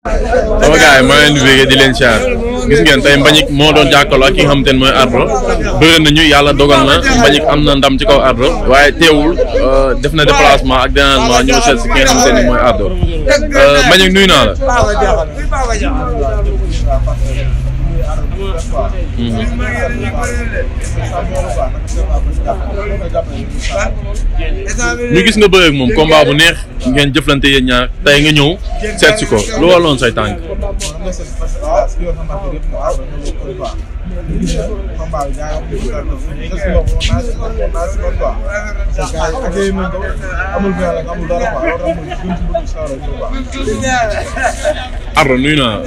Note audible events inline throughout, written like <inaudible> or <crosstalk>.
sama gars yi maa leen di bégee di leen siyaar gis ngeen tey Mbagnick moo doon jàkkaarloo ak ki nga xamante ne mooy Ardo bëre nañu yàlla dogal na Mbagnick am na ndam ci kaw Ardo waaye teewul def na déplacement ak dénalement ñëw seet si ki nga xamante mooy Ardo Mbagnick nuyu naa la. ñu gis nga bëre ak moom combat bu neex ngeen jëflante yéen ñaar tey nga ñëw. seet si ko lu waloon say tànk. Ardo nuyu naa.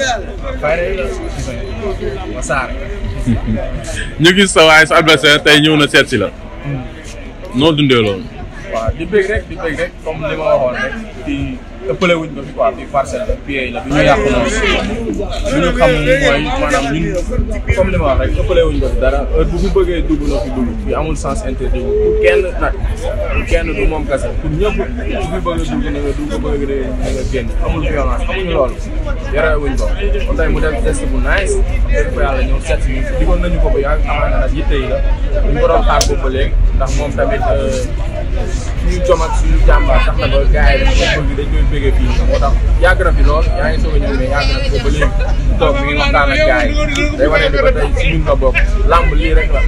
<laughs> ñu gis sa waay sa adversaire tey ñëw na seet si la. noo dundee loolu. di bëgg rek di bëgg rek comme li ma waxoon rek fii ëppale wuñ ko fi quoi fii parcelle la la du ñu yàqu noonu li ñu xam mooy maanaam ñun comme li ma wax rek ëppale wuñ fi dara heure bu fi bëggee dugg na fi dugg fi amul sens interdit pour kenn nag pour kenn du moom kese pour ñëpp bu fi bëggee dugg na nga dugg de na nga génn amul violence amuñu loolu yore wuñ ko kon tey mu def test bu nice def ko yàlla ñëw set ñu digoon nañu ko bu yàgg amaana nag yitte yi la ñu ko doon xaar ba ndax moom tamit euh, suñu jom ak suñu jàmbaar tax na ba gars yi dañ koy dañ koy bëgg fii moo tax yàgg na fi lool yaa ngi soog a ñëw mais yàgg na fi ba léegi toog mi ngi waxtaan ak gars yi day wane ni ba tey si ñun nga bokk làmb lii rek la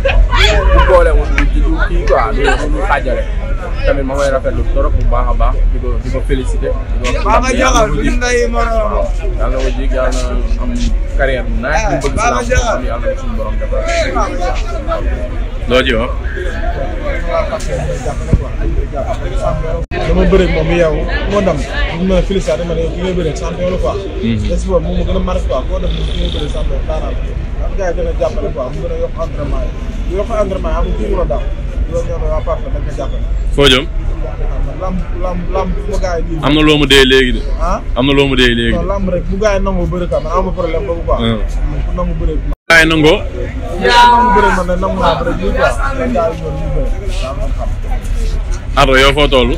bu boolewul du kii tamit ma koy rafetlu trop bu baax a baax di ko di ko félicité. di ko wax dëgg yàlla bu jig yàlla bu jig yàlla am carrière bu naaj bu bëgg si laaj boo xam ne yàlla suñu borom defal loo ji wax. dama bëri moom yow moo dam ñu ma félicité dama ne ki ngay bëri champion la quoi. Mhm. est-ce que moom moo gën a marqué quoi koo def ni ki ngay bëri champion daanaka. am gars yi gën a jàppale quoi mu gën a yokk entraînement yi. yokk entraînement yi amul kii war a daal. foo jëm. am na loo mu dee léegi de. Ah? am na loo mu dee léegi de. lamb rek bu gars yi nangoo bëri ka man am problème boobu quoi. ku ah. nangu bëri. gars yi nangoo. man ne nangu naa bëri yow foo toll.